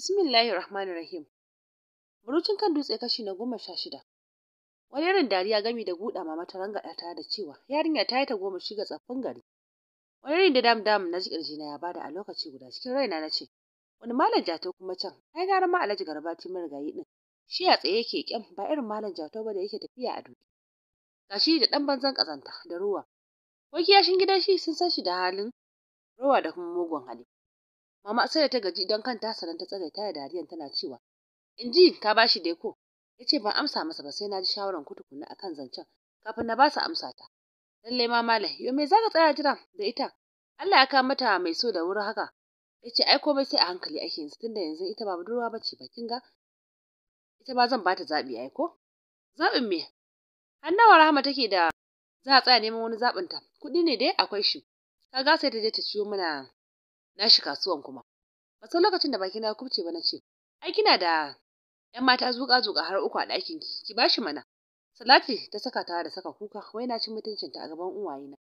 Bismillahir Rahmanir Rahim. Burucin kan dutse kashi na goma sha shida. Wani irin dariya gami da guda mama ta rangaɗa ta da cewa yarinya ta yi ta goma shiga tsaffin gari. Wani irin da dam dam na ji na ya bada a lokaci guda cikin raina na ce wani malam jato kuma can ai gara ma Alhaji Garbati marigayi ɗin. Shi a tsaye yake kyam ba irin malam jato ba da yake tafiya a duki. Gashi da ɗan banzan kazanta da ruwa. Ko kiyashin gidan shi sun san shi da halin ruwa da kuma mugun hali. Mama sai da ta gaji don kanta sannan ta ta da dariyan tana cewa Inji! ka bashi dai ko ya ce ban amsa masa ba sai na ji shawaran ku tukunna akan zancen kafin na ba su amsa ta lallai ma malam yo me zaka tsaya jira da ita Allah ya kawo mata mai so da wuri haka ya ce ai komai sai a hankali ake yanzu tunda yanzu ita ba budurwa ba ce ba kin ita ba zan bata zaɓi ai ko zaɓin me hannawa rahama take da za a tsaya neman wani zaɓin ta kuɗi ne dai akwai shi ga sai ta je ta ciyo mana na shi kasuwan kuma ba san lokacin da baki na kubce ba na ce ai kina da yan mata zuƙa zuƙa har uku a ɗakin ki ki ba shi mana Salati ta saka ta da saka kuka wai na ci mutuncinta a gaban uwaye na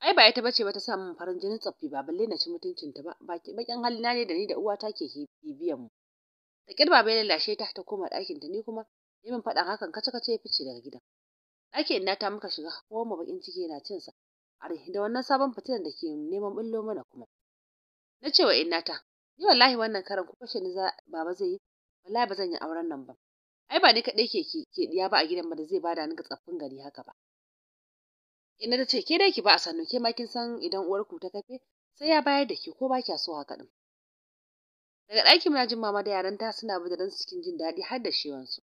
ai ba ita bace ba ta sa min farin jinin tsaffi ba balle na ci mutuncin ta ba bakin halina ne da ni da uwata ke bibiyan mu da kirba bai lallashe ta ta koma ɗakin ta ni kuma yi min faɗan hakan kace kace ya fice daga gidan ɗakin inata ta muka shiga kowa mu bakin ciki yana cin sa are da wannan sabon fitilan da ke neman bullo mana kuma na ce wa innata ni wallahi wannan karan ku kashe ni baba zai yi wallahi ba zan yi auren nan ba ai ba ni kaɗai ke ke diya ba a gidan ba da zai bada ni ga tsaffin gari haka ba ina ta ce ke dai ki ba a sannu ke ma kin san idan uwar ku ta kafe sai ya bayar da ki ko ba kya so haka din daga ɗakin muna jin mama da yaran ta suna bidiran cikin jin daɗi har da shewansu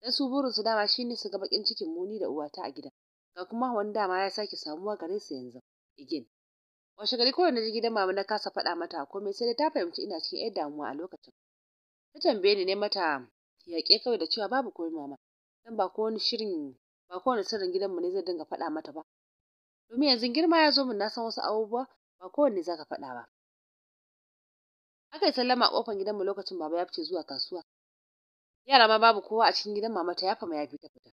dan su burin su dama shine su ga bakin cikin muni da uwata a gida, ga kuma wani dama ya sake samuwa gare su yanzu again washe gari kawai na ji gidan mama na kasa faɗa mata komai sai dai ta fahimci ina cikin yar damuwa a lokacin ta tambaye ni ne mata yaƙe kawai da cewa babu komai mama dan ba kowane shirin ba kowane sirrin gidanmu ne zai dinga faɗa mata ba domin yanzu girma ya zo min na san wasu abubuwa ba kowanne za ka faɗa ba aka yi sallama a ƙofar gidanmu lokacin baba ya fice zuwa kasuwa yara ma babu kowa a cikin gidan mama ta yafa ma ya fita fita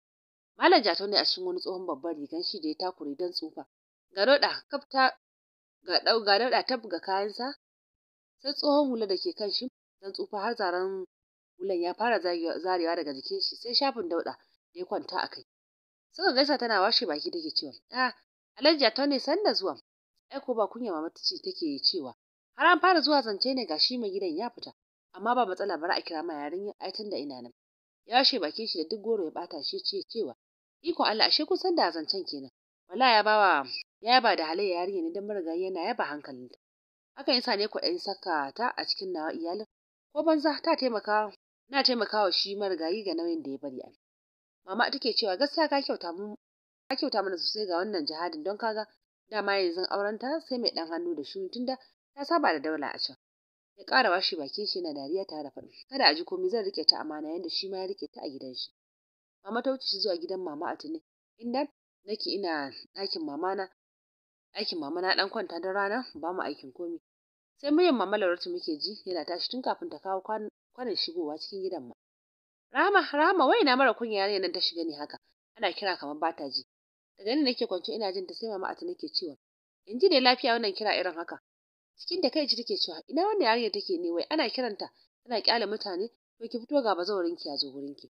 malam jatau ne a cikin wani tsohon babban rigan shi da ya takure don tsufa ga roda kafta ga dauɗa buga ga kayansa sai tsohon hular da ke kan shi dan tsufa har zaren hulan ya fara zarewa daga jikin shi sai shafin dauɗa da ya kwanta a kai suka gaisa tana washe baki take cewa a alhaji ta ne sanda zuwa ai ko ba kunya mama tace take cewa har an fara zuwa zance ne gashi mai gidan ya fita amma ba matsala bari a kira ma yarinya ai tun da ina nan ya washe bakin shi da duk goro ya bata shi ce cewa iko Allah ashe kun san da zancen kenan Bala ya bawa yaba da halayya yarinya ne don marigayi yana yaba hankalinta. Hakan ya sa ne yi kwaɗayin saka ta a cikin nawa iyalin, ko banza ta taimaka na taimakawa shi marigayi ga nauyin da ya bari a Mama, Mama ke cewa gaskiya ka kyauta mu ka kyauta mana sosai ga wannan jihadin don kaga? ga dama yanzu aurenta sai mai ɗan hannu da shuni tunda ta saba da daula a can. Ya ƙara shi bakin shi na dariya tare da faɗin kada a ji komai zan riƙe ta amana yanda shi ma ya riƙe ta a gidan shi. Mama ta wuce shi zuwa gidan mama a tuni inda nake ina ɗakin mamana ɗakin na ɗan kwanta don rana ba mu aikin komi sai muyin mama Lauratu muke ji yana tashi tun kafin ta kawo kwanan shigowa cikin gidan mu. Rama Rama wai na mara kunya yarinya nan ta shiga ne haka ana kira kamar bata ji daga ni nake kwance ina jin ta sai mama ta nake cewa in ji ne lafiya wannan kira irin haka cikin da kai take cewa ina wannan yarinya take ne wai ana kiranta tana kyale mutane to ki fito ga bazawarinki ki ya zo gurin ki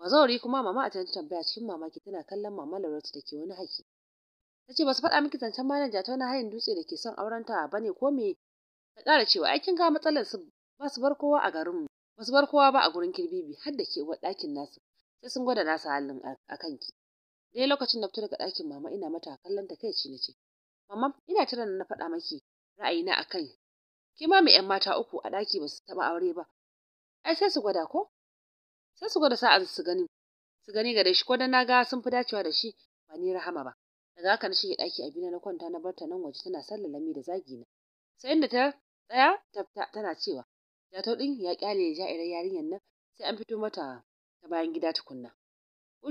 Mazauri kuma mama a ta tambaya cikin mamaki tana kallon mama Lauratu da ke wani haki. Ta ce ba su faɗa miki zancen manaja ta wani hayin dutse da ke son auren ta ba ne ko me? Ta ƙara cewa ai kin ga matsalar su ba su bar kowa a garinmu ba su bar kowa ba a gurin kirbibi har da ke uwar ɗakin nasu sai sun gwada nasa halin a kanki. Dai lokacin na fito daga ɗakin mama ina mata kallon ta kai ce na ce mama ina tiran na faɗa maki ra'ayina akan ki ma mai 'yan mata uku a ɗaki ba su taɓa aure ba ai sai su gwada ko sai su gwada sa'an su gani su gani gare shi ko dan na ga sun fi dacewa da shi ba ni rahama ba daga haka na shige daki a bina na kwanta na barta nan waje tana lami da zagi na sai inda ta tsaya tana cewa jatau din ya kyale ja irar yarinyar nan sai an fito mata ta bayan gida tukunna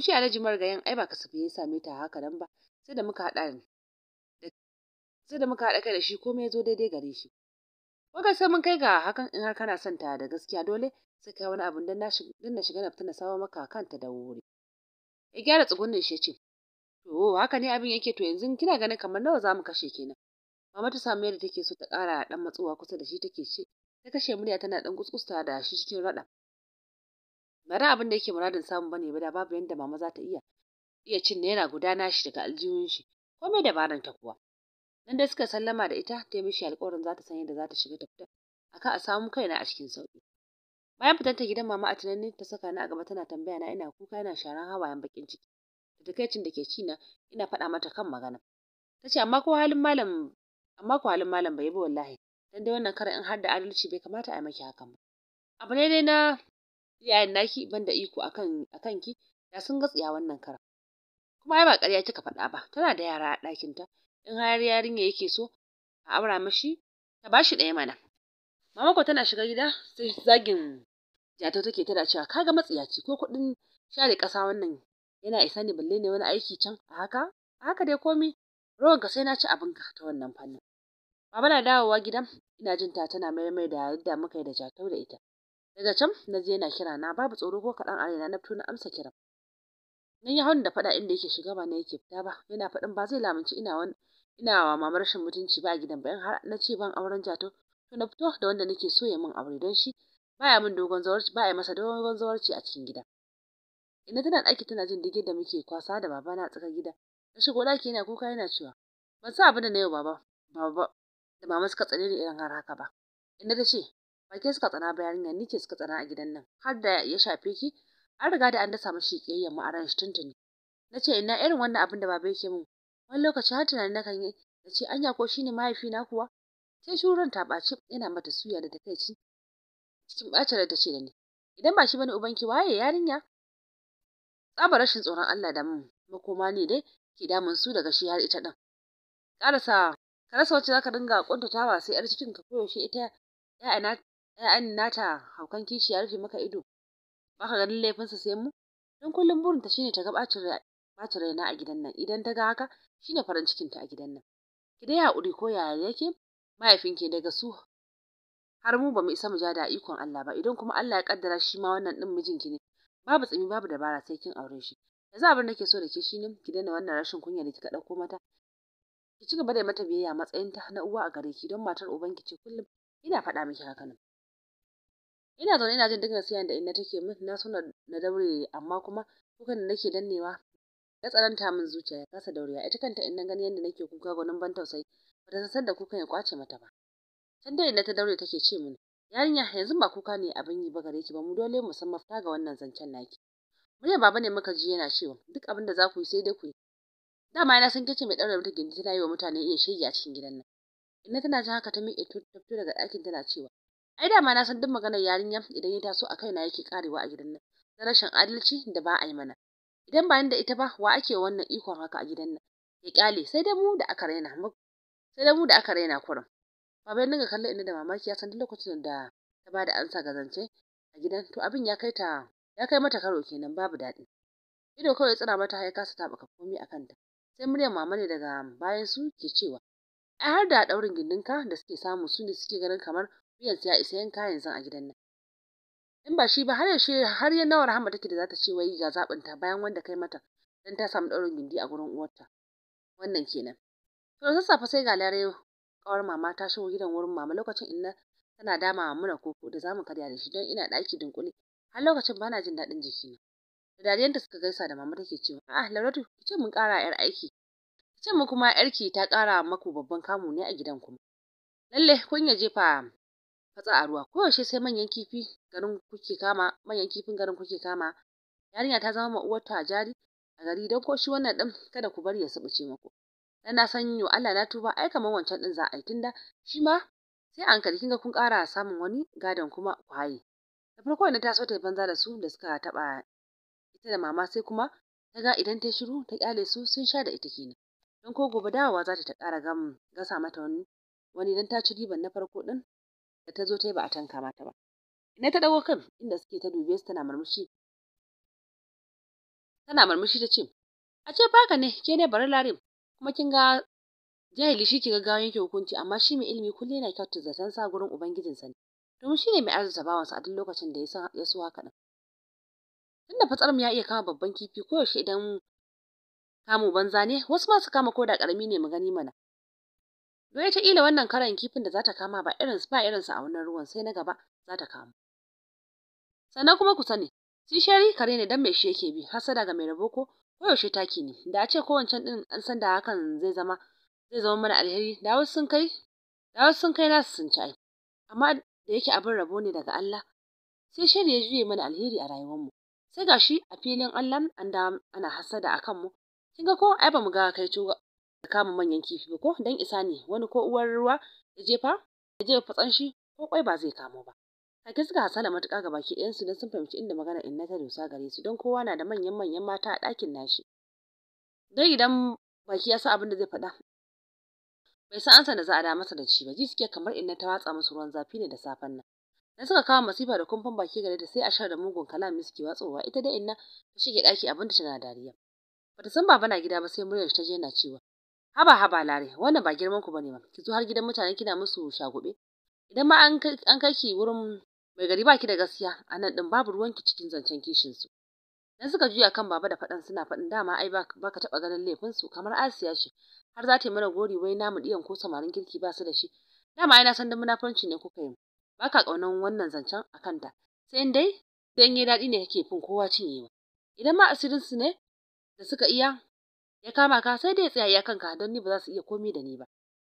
a alhaji margayin ai ba kasafi ya same ta haka nan ba muka sai da muka haɗa kai da shi komai ya zo daidai gare shi Wagar sai mun kai ga hakan in har kana son ta da gaskiya dole sai kai wani abun dan na shiga na fita na sawo maka kanta da wuri. Ya gyara tsugunnin shi ce, To haka ne abin yake to yanzu kina ganin kamar nawa zamu kashe kenan. Mama ta samu yadda take so ta ƙara dan matsuwa kusa da shi take ce, ta kashe murya tana ɗan kuskusta da shi cikin raɗa. Bari abin da yake muradin samu bane ba da babu yanda mama za ta iya. Iya cin naira guda shi daga aljihun shi, komai dabaran ta kuwa. nan da suka sallama da ita ta mishi alƙawarin za ta san yadda za ta shiga ta fita akan a samu kaina a cikin sauƙi bayan fitar ta gidan mama a tunanin ta saka ni a gaba tana tambaya na ina kuka yana sharan hawayen bakin ciki da takaicin da ke ci na ina faɗa mata kan magana ta ce amma ko halin malam amma ko halin malam bai bi wallahi dan dai wannan karan in har da adalci bai kamata a yi maki hakan ba abu ne dai na iyayen naki ban da iko akan akan ki da sun gatsiya wannan karan kuma ai ba ƙarya kika faɗa ba tana da yara a ɗakinta. ta in har yarinya yake so a aura mashi ta bashi ɗaya mana mama ko tana shiga gida sai zagin jata take tana cewa kaga matsiyaci ko kuɗin share ƙasa wannan yana isa ne balle ne wani aiki can a haka a haka dai komi rowan ka sai na ci abinka ta wannan fannin baba na dawowa gidan ina jin ta tana mai mai da yadda muka yi da jatau da ita daga can na je yana kira na babu tsoro ko kaɗan arena na fito na amsa kiran nan ya hauni da faɗa inda yake shiga ba na yake fita ba yana faɗin ba zai lamunci ina wani ina wa mamar rashin mutunci ba gidan bayan har na ce ban auren jato to na fito da wanda nake so ya min aure don shi baya min dogon zawarci baya masa dogon zawarci a cikin gida ina tana daki tana jin digin da muke kwasa da babana na tsaka gida na shigo daki yana kuka yana cewa ban sa abin da na yau baba baba da mama suka tsare ni irin har haka ba Ina ta ce ba ke suka tsana ba yarinya ni ke suka tsana a gidan nan har da ya shafe ki an riga da an dasa mashi kiyayyen mu a ran shi tuntuni na ce ina irin wannan abin da baba yake min wani lokaci har tunani na kan yi da ce anya ko shine mahaifina kuwa sai shuran ta ɓaci yana mata suya da takaici cikin ɓacin da ta ce da ni idan ba shi bane ki, waye yarinya tsaba rashin tsoron Allah da mun makoma ne dai ke damun su daga shi har ita din karasa rasa wacce zaka dinga kuntatawa sai yar cikin ka koyaushe ita ya'yan nata haukan kishi ya rufe maka ido baka ganin laifinsa sai mu don kullum burinta shine ta ga ɓacin bata raina a gidan nan idan ta ga haka shine farin cikin ta a gidan nan ki dai hakuri ko yaya yake mahaifin ke daga su har mu bamu isa mu ja da ikon Allah ba idan kuma Allah ya kaddara shi ma wannan din mijinki ne babu tsimi babu dabara sai kin aure shi yanzu abin da ke so da ke shine ki daina wannan rashin kunya da kika dauko mata ki ci gaba da mata biyayya matsayin ta na uwa a gare ki don matar ubanki ce kullum ina faɗa miki haka nan ina zaune ina jin duk nasiyan da ina take min na so na daure amma kuma kukan da nake dannewa ya tsananta min zuciya ya kasa dauriya ita kanta in na gani yadda nake kuka gwanin ban tausayi Ba ta san da kuka ya kwace mata ba can dai na ta daure take ce mini yarinya yanzu ba kuka ne abin yi ba gare ki ba mu dole mu san mafita ga wannan zancen naki Murya baba ne muka ji yana cewa duk abin da za ku yi sai dai ku yi dama na san kace mai daura mata gindi tana yi wa mutane iya shege a cikin gidan nan inna tana jin haka ta miƙe ta fito daga ɗakin tana cewa ai dama na san duk maganar yarinya idan ya taso a kaina yake karewa a gidan nan na rashin adalci da ba a yi mana idan ba da ita ba wa ake wannan ikon haka a gidan nan ya kyale sai dai mu da aka raina mu sai dai mu da aka raina kurum dinga kallon inda da mamaki ya san duk lokacin da ta bada ansa ga zance a gidan to abin ya kai ta ya kai mata karo kenan babu daɗi ido kawai tsira mata ya kasa taɓa komai a kanta sai muryar mama ne daga bayan su ke cewa ai har da daurin gindinka da suke samu su ne suke ganin kamar wuyansu ya isa yanka yanzu a gidan nan in ba shi ba har yaushe har ya nawa rahama take da za ta ce wai ga zabin ta bayan wanda kai mata dan ta samu ɗaurin gindi a gurin uwarta wannan kenan to sassafe sai ga lare kawar mama ta shigo gidan wurin mama lokacin inna tana dama muna koko da zamu karya da shi don ina daki dunkule har lokacin bana jin daɗin jikina da dariyanta suka gaisa da mama take cewa a'a Lauratu ki ce mun ƙara yar aiki ki ce mu kuma yarki ta kara maku babban kamu ne a gidan kuma lalle kun ya jefa fatsa a ruwa koyaushe sai manyan kifi garin kuke kama manyan kifin garin kuke kama yarinya ta zama uwarta jari a gari don ko shi wannan din kada ku bari ya saba ce muku dan na san yo Allah na tuba ai kaman wancan din za a yi tunda shi ma sai an kalli kinga kun ƙara samun wani gadon kuma ku haye da farko ta so ta banza da su da suka taba ita da mama sai kuma ta ga idan ta shiru ta kyale su sun sha da ita kenan don ko gobe dawowa za ta ƙara gasa mata wani wani dan ta ci riban na farko din da ta zo ta yi ba a tanka mata ba ina ta dago kan inda suke ta dube tana murmushi tana murmushi ta ce a ce baka ne ke ne bari larim kuma kin ga jahili shi ke gaggawa yake hukunci amma shi mai ilimi kulle yana da zaton sa gurin ubangijinsa ne domin shi ne mai arzuta bawansa a duk lokacin da ya so haka nan tunda mu ya iya kama babban kifi koyaushe idan kamu banza ne wasu masu kama koda da karami ne mu gani mana To ila wannan karan kifin da za ta kama ba irin ba irin a wannan ruwan sai na gaba za ta kama Sannan kuma ku sani, shi shari kare ne dan mai shi yake bi, Hassada ga mai rabo ko koyaushe taki ne. Da a ce kowancan din an san da hakan zai zama zai zama mana alheri, da wasu sun kai da wasu sun kai nasu sun ci ai. Amma da yake abin rabo ne daga Allah, sai shari ya juye mana alheri a rayuwar mu. Sai gashi a filin Allah an da ana hasada akan mu. Kin ga ko ai ba mu ga kai kama manyan kifi ko dan isa ne wani ko uwar ruwa ya jefa ya jefa fatsan shi ko kwai ba zai kamo ba take suka hasala matuka ga baki ɗayan su don sun fahimci inda magana na ta dosa gare su don kowa na da manyan manyan mata a ɗakin nashi dai idan baki ya sa abin da zai faɗa bai san ansa da za a da masa da shi ba ji suke kamar inna ta watsa musu ruwan zafi ne da safen nan na suka kawo masifa da kumfan baki gare ta sai a shar da mugun kalami suke watsowa ita da inna ta shige ɗaki abin da tana dariya bata san baba na gida ba sai muryar ta je na cewa haba haba lare wannan ba girman ku bane ba ki zo har gidan mutane kina musu shagube idan ma an kai ki wurin mai gari baki da gaskiya anan nan din babu ki cikin zancen kishin su dan suka juya kan baba da faɗan suna faɗin dama ai baka taba ganin laifin su kamar Asiya ce har za ta yi mana gori wai namu diyan ko samarin kirki ba su da shi dama ai na san dan munafurci ne kuka yi baka kaunan wannan zancen akan ta sai in dai dan yi daɗi ne kake fin kowa cinyewa idan ma asirin su ne da suka iya ya kama ka sai dai ya tsaya kanka don ni ba za su iya komai da ni ba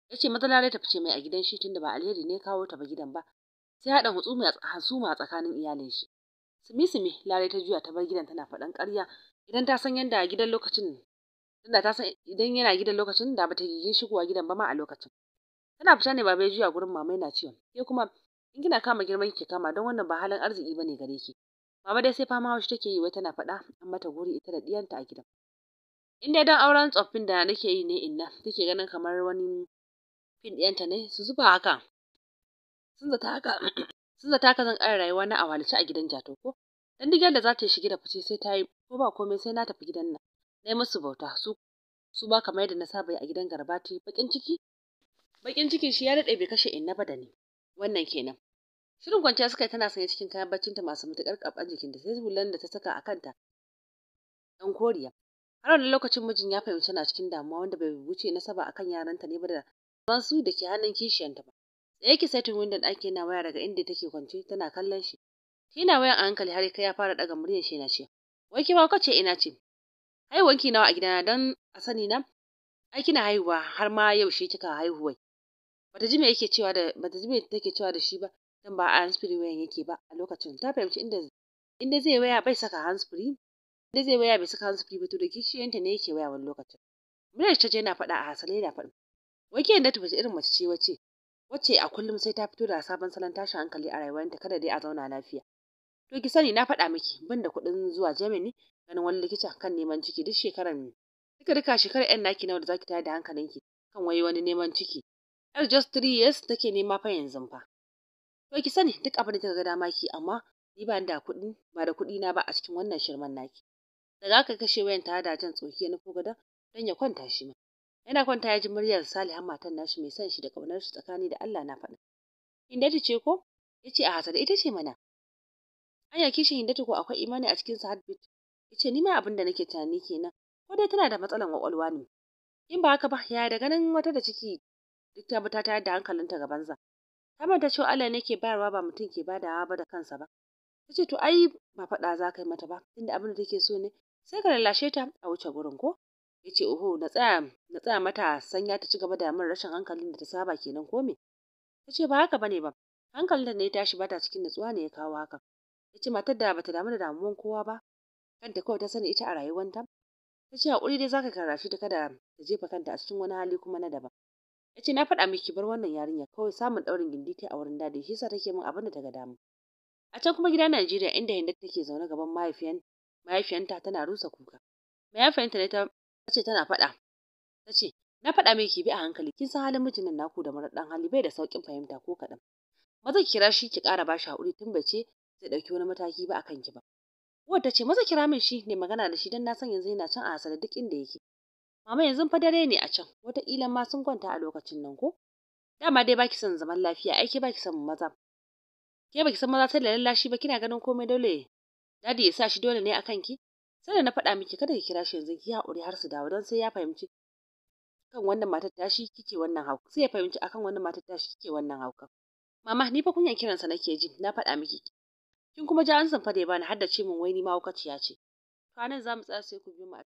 ya ce matsala ta fice mai a gidan shi tunda ba alheri ne kawo ta ba gidan ba sai haɗa husuma a tsakanin iyalin shi sumi sumi lare ta juya ta bar gidan tana faɗan ƙarya idan ta san yanda gidan lokacin tunda ta san idan yana gidan lokacin da shigowa gidan ba ma a lokacin tana fita ne baba ya juya gurin mama yana cewa ke kuma in kina kama girman ki kama don wannan ba halin arziki bane gare ki mama dai sai fama haushi take yi wai tana faɗa an mata guri ita da diyanta a gidan in dai don auren tsoffin da nake yi ne inna take ganin kamar wani fin ɗiyanta ne su zuba haka sun zata haka sun zata haka zan ƙara rayuwa na a walice a gidan jato ko dan duk yadda za ta yi shige da fice sai ta yi ko ba komai sai na tafi gidan nan na yi musu bauta su su ba kamar yadda na saba a gidan garbati bakin ciki bakin cikin shi ya daɗe bai kashe inna ba da ni wannan kenan shirin kwanciya suka tana sanya cikin kayan baccinta masu matuƙar jikin jikinta sai hulan da ta saka a kanta ɗan koriya Har wani lokacin mijin ya fahimci na cikin damuwa wanda bai wuce nasaba akan yaranta ne ba da su da ke hannun kishiyanta ba. Tsaye ki saitin windon ɗaki yana waya daga inda take kwance tana kallon shi. Tina wayan a hankali har kai ya fara daga muryar shi yana ce. Wai ki ce ina ce. wanki nawa a gidana dan a sani na ai kina haihuwa har ma yaushe kika haihuwai. Bata ji me yake cewa da bata ji me take cewa da shi ba dan ba a free wayan yake ba a lokacin ta fahimci inda inda zai waya bai saka free da zai waya bai saka hansu fi bato da kishiyanta ne yake waya wani lokacin Murar ta je yana faɗa a hasale da faɗi Wake yadda ta irin mace ce wace wacce a kullum sai ta fito da sabon salon tashin hankali a rayuwarta kada dai a zauna lafiya to ki sani na faɗa miki ban da kuɗin zuwa Germany ganin wani likita kan neman ciki duk shekaran duka duka shekarar yan naki nawa da zaki tayar da hankalinki kan wai wani neman ciki yar just three years take nema fa yanzu fa to ki sani duk abin da kika ga dama ki amma ni ba da kuɗi ba da kuɗi na ba a cikin wannan shirman naki daga ka kashe wayan ta da jan tsoki na ko gadon don ya kwanta shi ma yana kwanta ya ji muryar salihan matan nashi mai son shi da kaunar shi tsakani da Allah na faɗa Hindatu ce ko yace a hasada ita ce mana Anya kishin Hindatu ko akwai imani a cikin sa heartbeat yace ni ma abin da nake tunani kenan ko dai tana da matsalan kwakwalwa ne in ba haka ba ya da ganin wata da ciki duk ta ta tayar da hankalinta ga banza ta manta Allah ne ke bayarwa ba mutum ke badawa ba da kansa ba ta ce to ai ba faɗa za ka yi mata ba tunda abin da take so ne sai ka lallashe ta a wuce gurin ko ya ce oho na tsaya na tsaya mata sanya ta cigaba da min rashin hankalin da ta saba kenan ko me tace ba haka bane ba hankalin da ne ya tashi bata cikin nutsuwa ne ya kawo haka ya matar da bata damu da damuwan kowa ba kanta kawai ta sani ita a rayuwanta ta ce haƙuri dai zaka karashi ta kada ta jefa kanta a cikin wani hali kuma na daban ya ce na faɗa miki bar wannan yarinya kawai samun daurin gindi kai a wurin dadi shi yasa take min abin da ta ga dama a can kuma gida Najeriya inda yanda take zaune gaban mahaifiyan mahaifiyanta tana rusa kuka mahaifiyanta ne ta ce tana faɗa ta ce na faɗa miki bi a hankali kin san halin mijinin naku da marar hali bai da sauƙin fahimta ko kaɗan maza ki kira shi ki ƙara bashi haƙuri tun ce zai ɗauki wani mataki ba akan ki ba uwar ta ce maza kira min shi ne magana da shi don na san yanzu yana can a hasala duk inda yake mama yanzu fa dare ne a can wataƙila ma sun kwanta a lokacin nan ko dama dai baki son zaman lafiya ai ke baki son maza ke baki san maza sai da lallashi ba kina ganin komai dole Dadi ya sa shi dole ne akan ki? Sai da na faɗa miki kada ki kira shi yanzu ki haƙuri har su dawo don sai ya fahimci kan wannan matar tashi kike wannan hauka sai ya fahimci akan wannan matar tashi kike wannan hauka. Mama ni fa kunyan kiransa nake ji na faɗa miki. Kin kuma ja an sanfa da ya bani har da ce min wai ni ma hukaciya ce. Kwanan za mu tsaya sai ku biyo mu a